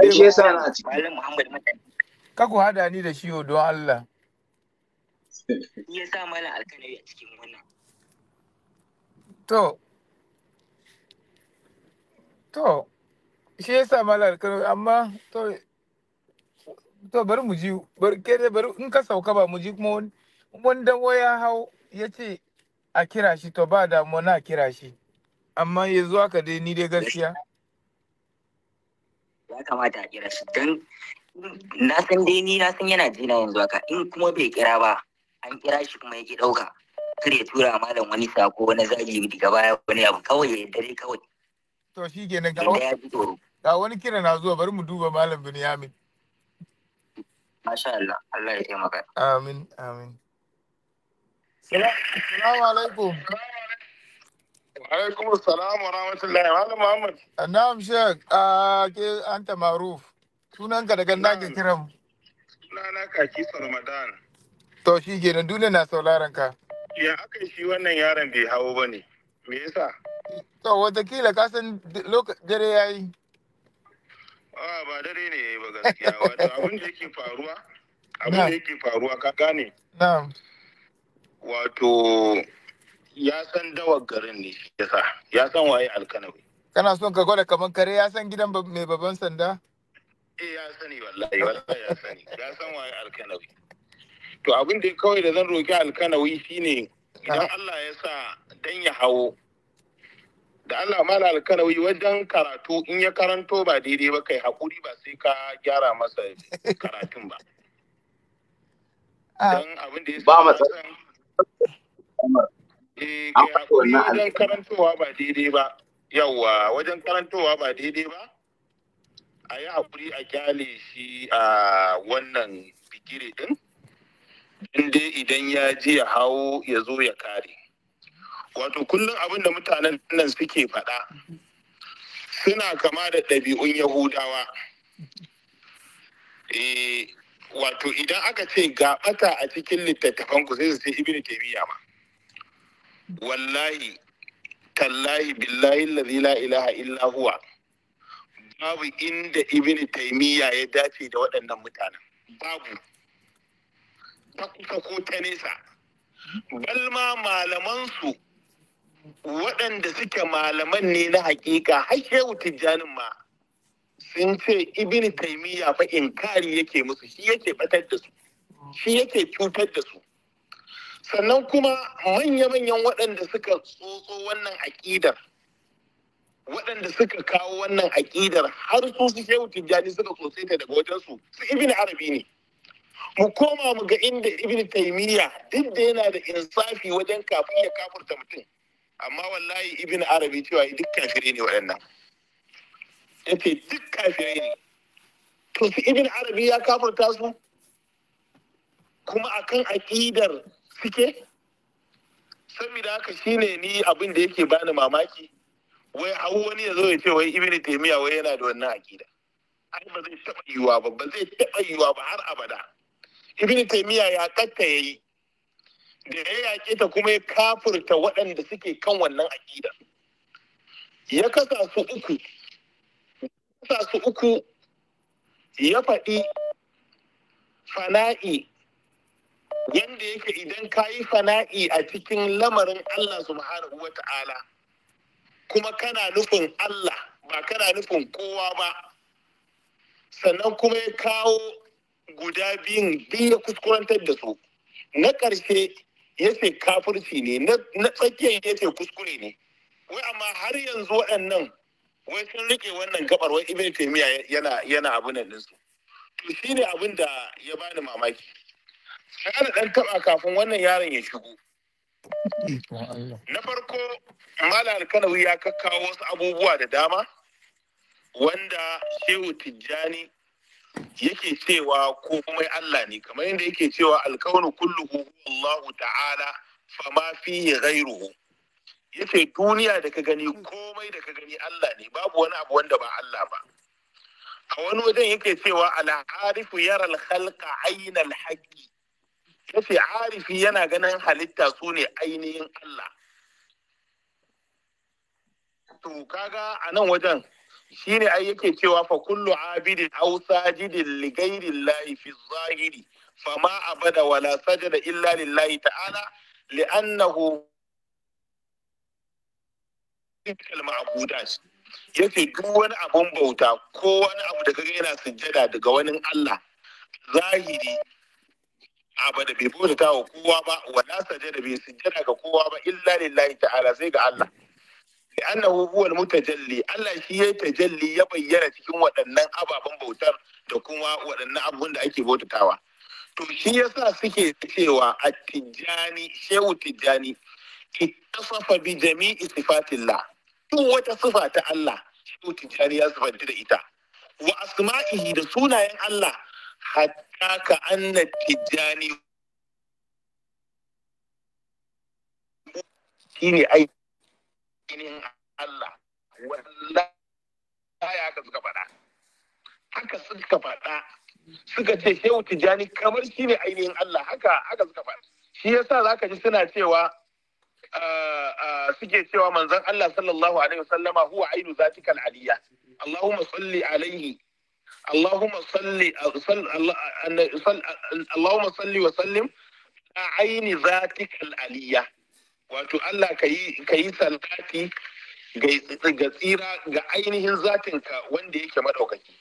ai shi yasa na ci malam Muhammad ka Kako hada ni da shi don Allah shi yasa malam alkanawi a cikin wannan to to shi yasa malam alkanawi amma to to bari mu ji bari kere bari in ka sauka ba mu ji kuma wani dan waya hau ya ce a kira shi to ba damuwa na kira shi amma yanzu haka dai ni dai gaskiya ya kamata a kira shi don na san dai ni na san yana jina yanzu haka in kuma bai kira ba an kira shi kuma yake ɗauka kare ya tura malam wani sako na zagi daga baya wani abu kawai ya dare kawai to shi ke na ga wani kira na zuwa bari mu duba malam Binyamin Masha Allah, Allah ya taimaka. Amin, amin. Salamu alaikum. alaikum salam wa rahmatullahi wa Muhammad. Na'am Sheikh, ah, ke anta maruf. Sunanka daga nake kiran. na kaki Ramadan. To shi ke kenan duniya na sauraron ka. Ya aka shi wannan yaron bai hawo ba ne. Me yasa? To watakila ka san dare ya yi. A ah, ba dare ne ya yi ba gaskiya wato abin da yake faruwa. Abin da yake faruwa ka gane. Na'am. Wato ya san dawar garin ne yasa ya san waye alkanawi kana son ka gwada kamar kare ya san gidan mai baban sanda eh ya sani wallahi wallahi ya sani ya san waye alkanawi to abin da kawai da zan roki alkanawi shine idan Allah ya sa dan ya hawo da Allah mala alkanawi wajen karatu in ya karanto ba daidai ba kai hakuri ba sai ka gyara masa karatun ba. Ah. dan abin da ya ba Eh, wajen karantowa ba daidai ba. Yawwa, wajen karantowa ba daidai ba. A yi haƙuri a kyale shi a wannan bigire ɗin. Inde idan ya ji ya hau ya zo ya kare. Wato kullum abin da mutanen nan suke faɗa. Suna kama da ɗabi'un Yahudawa. Eh, wato idan aka ce ga ɓata a cikin littattafan ku sai su ce ibnu ma wallahi tallahi billahi lalzi la ilaha illa huwa babu inda ibn taimiyya ya dace da waɗannan mutanen babu ta kusa ko ta nesa balma malamansu waɗanda suke malaman ne na hakika har shehu tijjanin ma sun ce ibn ba fa inkari yake musu shi yake batar da su shi yake cutar da su sannan kuma manya-manyan waɗanda suka tsotso wannan aƙidar waɗanda suka kawo wannan aƙidar har su su shehu tijjani suka tsotse ta daga wajensu su ibn arabi ne mu koma mu ga inda ibn taimiyya duk da yana da insafi wajen kafin ya kafurta mutum amma wallahi ibn arabi cewa duk kafire ne waɗannan yake duk kafire ne to su ibn arabi ya kafurta su kuma akan aƙidar suke saboda haka shine ni abin da yake bani mamaki wai hau wani ya zo ya ce wai ibn taymiya wai yana da wannan akida ai ba zai taɓa yiwuwa ba ba zai taɓa yiwuwa ba har abada ibn taymiya ya katta yayi da ya yaƙe ta kuma ya kafurta waɗanda suke kan wannan akida ya kasa su uku kasa su uku ya faɗi fana'i yanda yake idan ka yi fana'i a cikin lamarin Allah subhanahu wa ta'ala kuma kana nufin Allah ba kana nufin kowa ba sannan kuma ya kawo guda biyun biyu ya kuskurantar da su na ƙarshe ya ce kafirci ne na tsakiyar ya ce kuskure ne wai amma har yanzu waɗannan wai sun rike wannan gabar wai ibn taymiya yana yana abin nan su to shine abin da ya bani mamaki na da ɗan taɓa kafin wannan yaron ya shigo. Na farko mala Alkanawi ya kakkawo wasu abubuwa da dama wanda Shehu Tijjani yake cewa komai Allah ne kamar yadda yake cewa alkawarin kulluhu Allahu ta'ala ma fi ghairuhu yace duniya da ka gani komai da ka gani Allah ne babu wani abu wanda ba Allah ba a wani wajen yake cewa al'arifu yara al halka ainihin al yace arifi yana ganin halitta su ne ainihin Allah to kaga a nan wajen shine ai yake cewa fa kullu abidin Hausa sajidin ligairin laifi zahiri fa ma fama abada wala sajada illa lillahi ta'ala li'annahu ya ce duk wani abun bauta ko wani abu da kaga yana sujjada daga wani Allah zahiri da bai bauta wa kowa ba wala da bai sujjada ga kowa ba illa lillahi ta'ala sai ga Allah li'annahu huwal mutajalli Allah shi ya tajalli ya bayyana cikin waɗannan ababen bautar da kuma waɗannan abubuwan da ake bautatawa to shi yasa suke cewa at-tijani shehu tijani ittasafa bi jami'i sifatillah duk wata sifa ta Allah shehu tijani ya sifanta da ita wa asma'ihi da sunayen Allah hatta ka anna tijjani shine ainihin Allah wallahi haka suka faɗa haka suka faɗa suka ce shehu tijjani kamar shi ne ainihin Allah haka haka suka faɗa shi yasa ka ji suna cewa suke cewa manzon Allah sallallahu alaihi wasallama huwa ainu zatikal aliyya Allahumma salli alaihi اللهم صل اللهم صل وسلم على عين ذاتك العلية wato Allah ka yi salati ga tsira ga ainihin zatinka wanda yake maɗaukaki.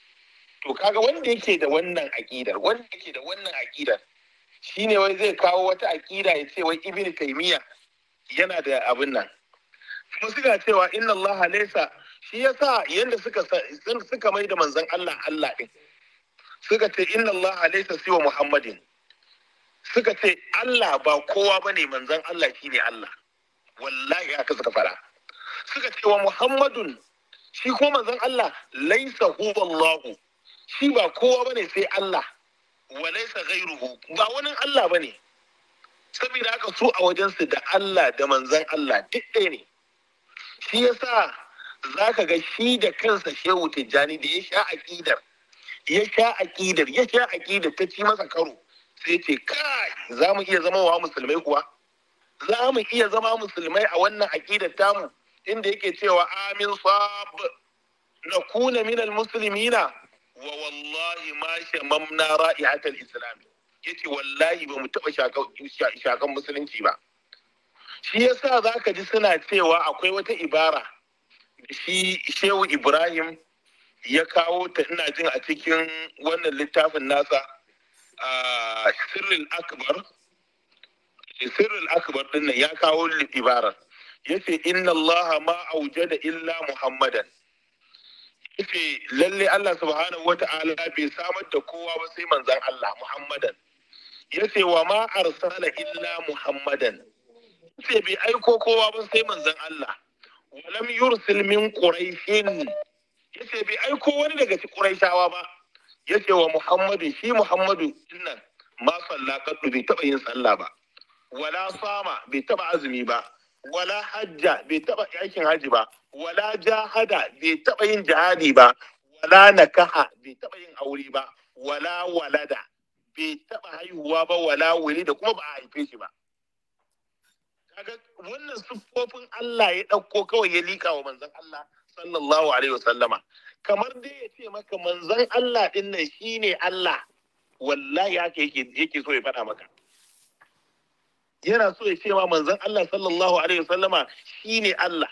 To kaga wanda yake da wannan aƙidar, wanda yake da wannan aƙidar, shine wai zai kawo wata aƙida ya ce wai ibn taymiya yana da abin nan. Kuma suna cewa inna Allah shi sa yanda suka suka mai da manzan Allah Allah din suka ce inna Allah alaisa siwa Muhammadin suka ce Allah ba kowa bane manzan Allah shine Allah wallahi haka suka fara suka ce wa Muhammadun shi ko manzan Allah laisa huban Allah shi ba kowa bane sai Allah wa laisa ghayruhu ba wani Allah ba ne, saboda aka su a wajensu da Allah da manzan Allah duk ɗaya ne shi yasa za ka ga shi da kansa shehu tijjani da ya sha aƙidar ya sha aƙidar ya sha aƙidar ta ci masa karo sai ce kai za mu iya zama wa musulmai kuwa za mu iya zama musulmai a wannan aƙidar tamu inda yake cewa amin sab na kuna minal musulmina wa wallahi ma mamna ra'ihatal islam yace wallahi ba mu taɓa shakan musulunci ba shi yasa zaka ji suna cewa akwai wata ibara shi shehu ibrahim ya kawo ta ina jin a cikin wannan littafin nasa a sirrin akbar sirrin akbar din nan ya kawo ibarar yace inna Allah ma da illa muhammadan ce, lalle Allah subhanahu wata'ala bai samar da kowa ba sai manzon Allah muhammadan yace wa ma arsala illa muhammadan yace bai aiko kowa ba sai manzon Allah walam yursil min quraishin yace bai aiko wani daga cikin quraishawa ba yace wa muhammadu shi muhammadu dinnan ma salla kaddu bai taba yin sallah ba wala sama bai taba azumi ba wala hajja bai taba aikin haji ba wala jahada bai taba yin jihadi ba wala nakaha bai taba yin aure ba wala walada bai taba haihuwa ba wala wuri da kuma ba a haife shi ba kaga wannan siffofin Allah ya ɗauko kawai ya liƙa wa manzon Allah sallallahu alaihi wasallama kamar dai ya ce maka manzon Allah ɗin nan shine Allah wallahi haka yake yake so ya faɗa maka yana so ya ce ma manzon Allah sallallahu alaihi wasallama shine Allah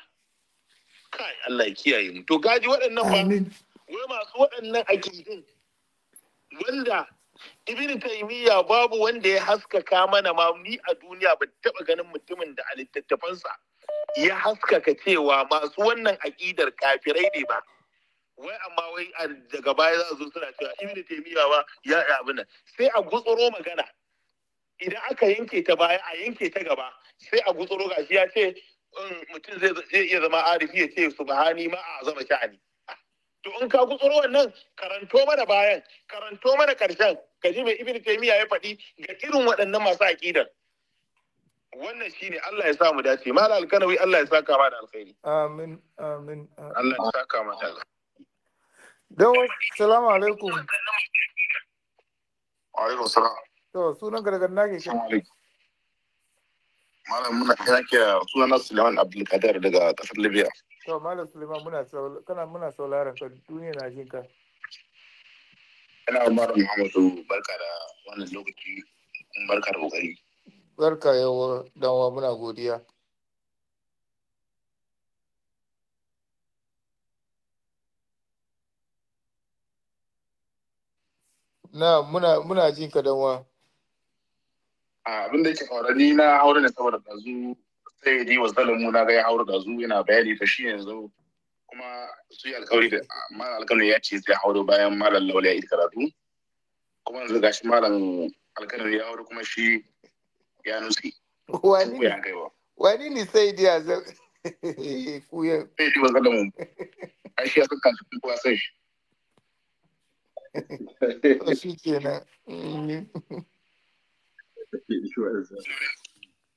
kai Allah ya kiyaye mu to gaji waɗannan ba wai masu waɗannan akidin wanda ibn taimiyya babu wanda ya haskaka mana ma ni a duniya ban taba ganin mutumin da a littattafansa ya haskaka cewa masu wannan aƙidar kafirai ne ba wai amma wai daga baya za zo suna cewa ibn taymiya ba ya yi abin nan sai a gutsuro magana idan aka yanke ta baya a yanke ta gaba sai a gutsuro gashi ya ce mm, mutum zai iya zama arifi ya ce subhani ma a zama sha'ani to in ka gutsuro wannan karanto mana bayan karanto mana karshen ka ji mai ibnu taymiya ya faɗi ga irin waɗannan masu aƙidar wannan shine Allah ya sa mu dace mala alkanawi Allah ya saka ma da alkhairi amin amin Allah ya saka ma da alkhairi dan assalamu alaikum wa alaikum salam to sunan gargar nake shi malam muna kira sunana Suleiman kadir daga kasar Libya to malam suleiman muna kana muna sauraron ka duniya na jin ka kana umar muhammadu barka da wannan lokaci barka da kokari barka yawa danwa muna godiya na muna muna jin ka danwa abin da yake faruwa ni na haure ne saboda dazu sai ji wa na ga ya haura da yana bayani ta shi yanzu kuma su yi alkawari da malam alkano ya ce zai haura bayan malam laula ya yi karatu kuma yanzu shi malam alkano ya haura kuma shi ya wani ne sai diya zai wa shi ya sai shi kenan mm.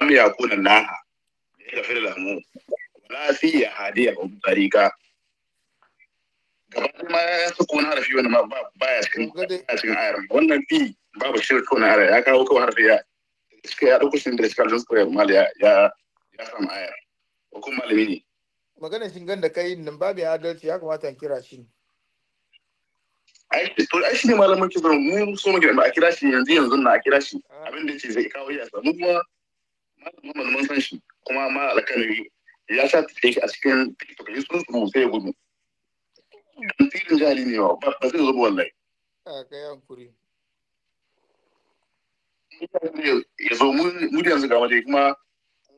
lam yakuna naha yaghfir lahu wala fi hadiya um tariqa gaba kuma ya sako wani harafi wani ma baya cikin cikin ayar wannan fi babu shirin kona ayar ya kawo kawai harafi ya suka ya dauko shin da suka zo suka mal ya ya ya samu ayar ko kuma malami ne maganar shingan da kai nan babu adalci ya kamata in kira shi ai shi ne malamin kibran mu so mu ba a kira shi yanzu yanzu na a kira shi ah. abin da ce zai kawo ya samu kuma Muhammad ma ya sa take a cikin TikTok ya sun su sai gudu tirin ne ba ba zai a kai ya zo mu da yanzu ga waje kuma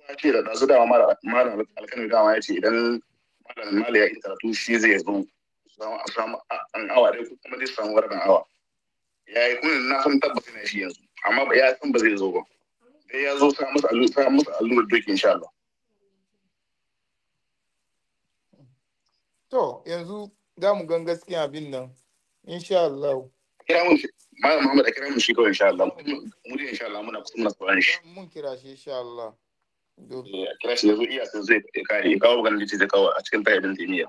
ya ce da nasu dama dama ya ce ya yi karatu shi a samu an awa dai kuma ya yi kuma na san tabbas shi yanzu amma ya san ba zai zo ba sai eh, ya zo sa musu insha To yanzu za mu gan gaskiya abin nan insha Allah. mun a kira mun shi kawai insha Allah. Mu dai insha muna kusa muna shi. Mun kira shi insha Allah. Eh, kira iya sun zai kare kawo ganin litin zai kawo a cikin tayyarin timiya.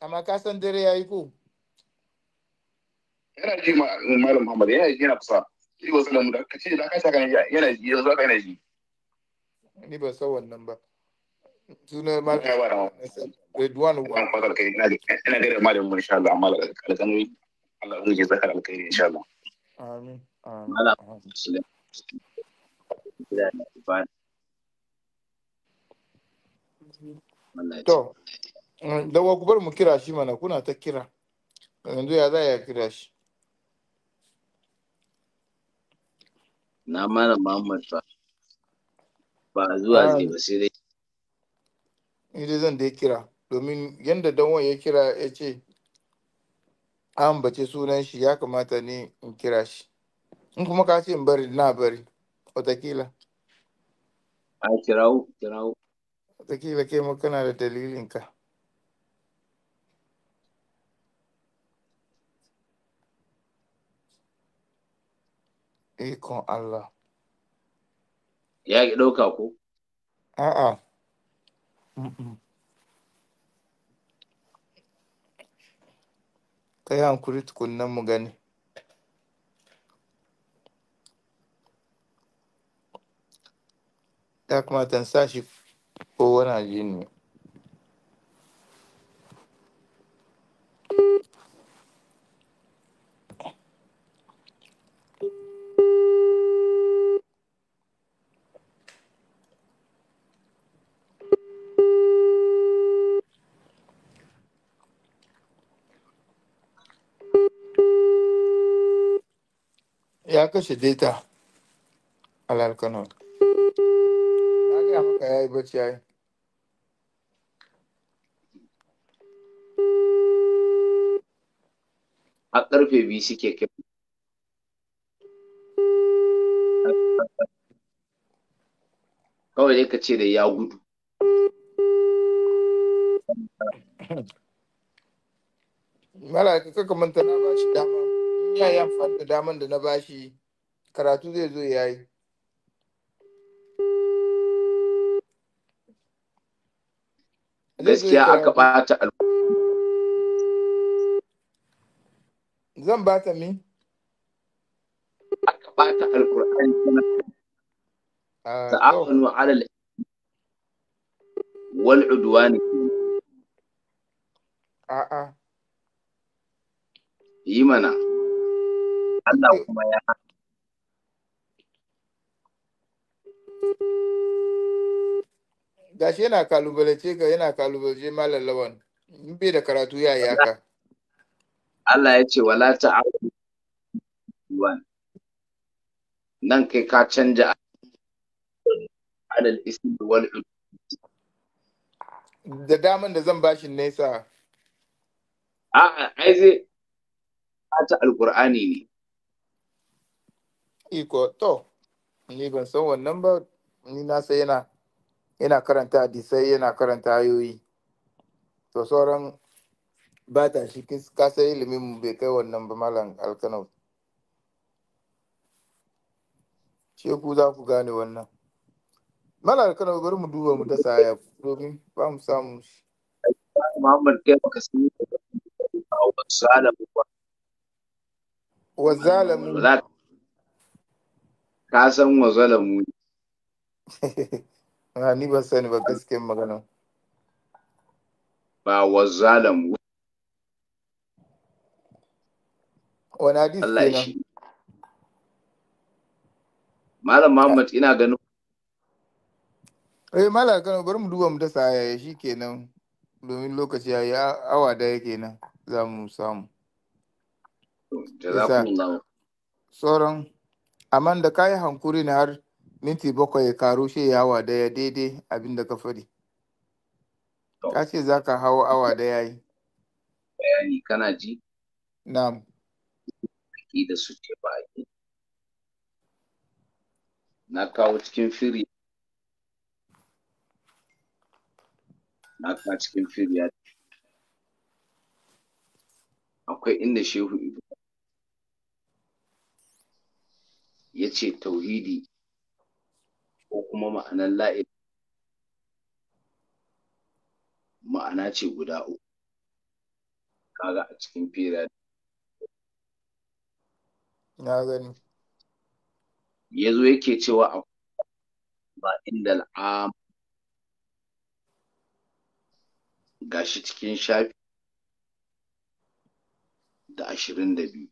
Amma ka san dare yi ko? Yana ji Malam Muhammad yana kusa. shi wasu nan da kace da ka saka yana ji yanzu haka yana ji ni ba san wannan ba suna ma ka ba Redwan wa ba ka kai ina ma da malamin mu insha Allah amma alƙalƙanoyi Allah ya ji zakar alƙairi insha Allah amin amin Allah To, eh, da wa kubar mu kira shi mana kuna ta kira, yanzu ya za ya kira shi. na malam Muhammad ba ba zuwa ah. zai ba sai dai ni dai zan da ya kira domin yadda danwan ya kira ya ce an bace sunan shi ya kamata ne in kira shi in kuma ka ce in bari na bari watakila a kirawo kirawo watakila ke kana da dalilinka Ikon Allah. Ya ki ɗauka ko? A'a. Ka yi hankuri tukunan mu gani. Ya kamata in sa shi kowane jini. kashe data alal kanon a karfe biyu suke kai kawai dai ka ce da ya gudu malaka kaka manta na bashi dama ya yi amfani da daman da na bashi karatu zai zo ya yi gaskiya aka bata zan bata mi aka bata alkur'ani ah, ta'awanu wal udwani a'a yi mana Allah kuma ya gashi yana kalubalace ka yana kalubalace malam lawan in bai da karatu ya yi haka Allah ya ce wala ta'awun nan kai ka canja a ismi wal da daman da zan bashi nesa a'a ai zai ta Alƙur'ani ne iko to ni ban san wannan ba ni na sai yana yana karanta hadisai yana karanta ayoyi to sauran ba ta shi ka sai ilimin mu bai kai wannan ba malam Alkano. ce ku za ku gane wannan malam Alkano, bari mu duba mu ta saya domin ba mu samu shi Muhammad kai maka sani da ba wa zalamu ka san wa zalamu ne a ah, ni ba sani ba gaskiyar magana ba wa zalam wani hadis kenan Malam Muhammad ina ganin Eh Malam Kano bari mu duba mu ta saya shi kenan domin lokaci ya yi awa ya kenan za mu samu. Sauran, amma da kayi hankuri ne har minti bakwai ka rushe yawa daya daidai abin da ka fari ka ce za ka hau awa da yi bayani kana ji na'am da su ce ba na kawo cikin firi na kawo cikin firi akwai inda shehu ya ce tauhidi ko kuma ma'anar la'il ma'ana ce guda uku kaga a cikin fira na gani ya zo yake cewa a ba inda al'am shi cikin shafi da ashirin da biyu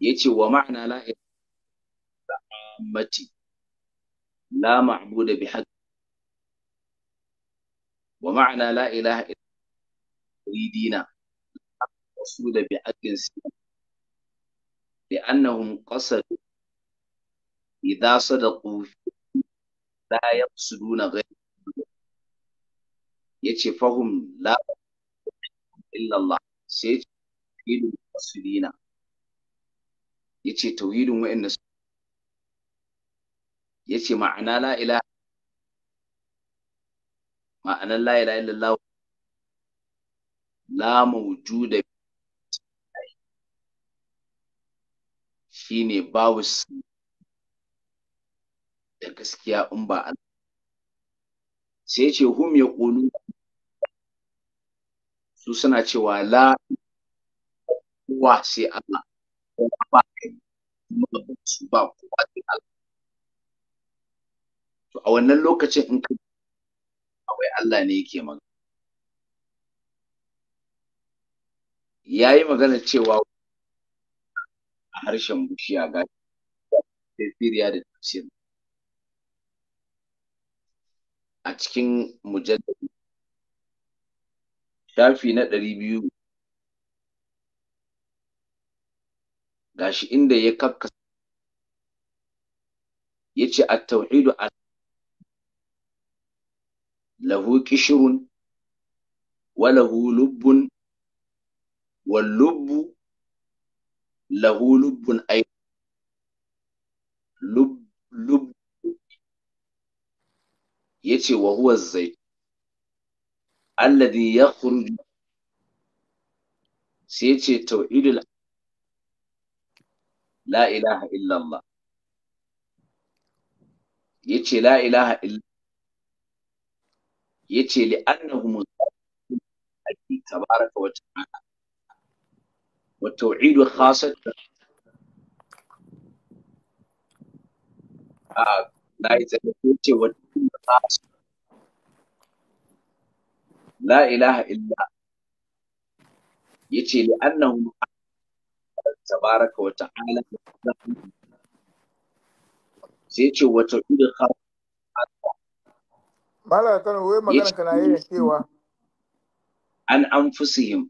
ya ce wa ma'ana la'il mati la ma'buda bi haqq wa ma'ana la ilaha illa yuridina maqsuda bi haqqin لأنهم قصدوا إذا صدقوا لا يقصدون غير yace fahum la illallah sai yace tawhidul qasidina yace su ya ce ma'ana la ilaha ma'anar la ilaha illallah la mawjuda babu da gaskiya in ba Allah sai ce hum ya ƙunu su suna cewa la wa sai Allah ba kai ba kowa sai Allah to a wannan lokacin in ka akwai Allah ne yake magana ya yi magana cewa a harshen bushiya ga tafiriya da tafsir a cikin mujallabi shafi na ɗari biyu gashi inda ya kakkasa ya ce a tauhidu a lahu kishirun wa lahu lubbun wal lubbu lahu lubbun ay lub lub yace wa huwa zai alladhi yakhruju sai la ilaha illallah yace la ilaha illallah yace li annahum ake tabaraka wa ta'ala wa tawhidu khassatan a ah, na yi tsaye ko ce wa la ilaha illa yace li annahum tabaraka wa ta'ala sai ce wa tawhidu khassatan Mala ta wai magana kana yi cewa an anfusihim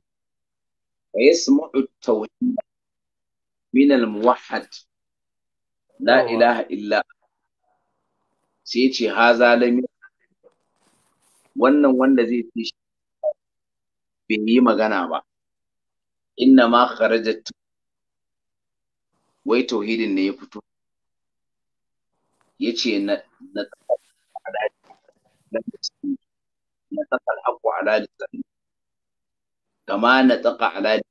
wa yasma'u tawhid min al-muwahhid la ilaha illa sai ce ha lami wannan wanda zai fi shi bai yi magana ba inna ma kharajat wai tauhidin ne ya fito ya ce na na نطق الحق على لسانه كما نطق على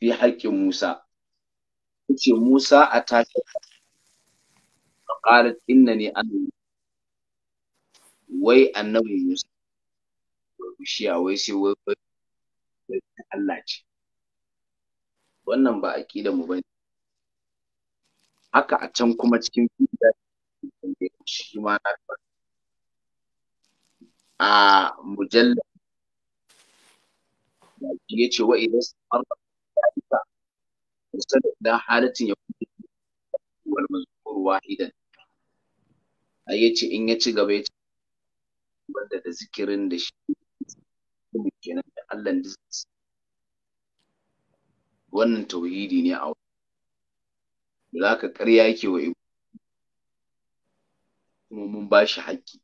في حق موسى ce Musa a tashi faƙalat inna ne an wai annabi Musa bishiya wai sai wai ce wannan ba aƙida mu bane haka a can kuma cikin fida a mujallar da ya ce wa idan fara da kusa da idan halatin ya kuma wal mazkur wahidan ai ce in ya ci gaba ya ci wanda da zikirin da shi kenan da Allah da wannan tauhidi ne a wani za ka karya yake wa ibu kuma mun ba shi haƙƙi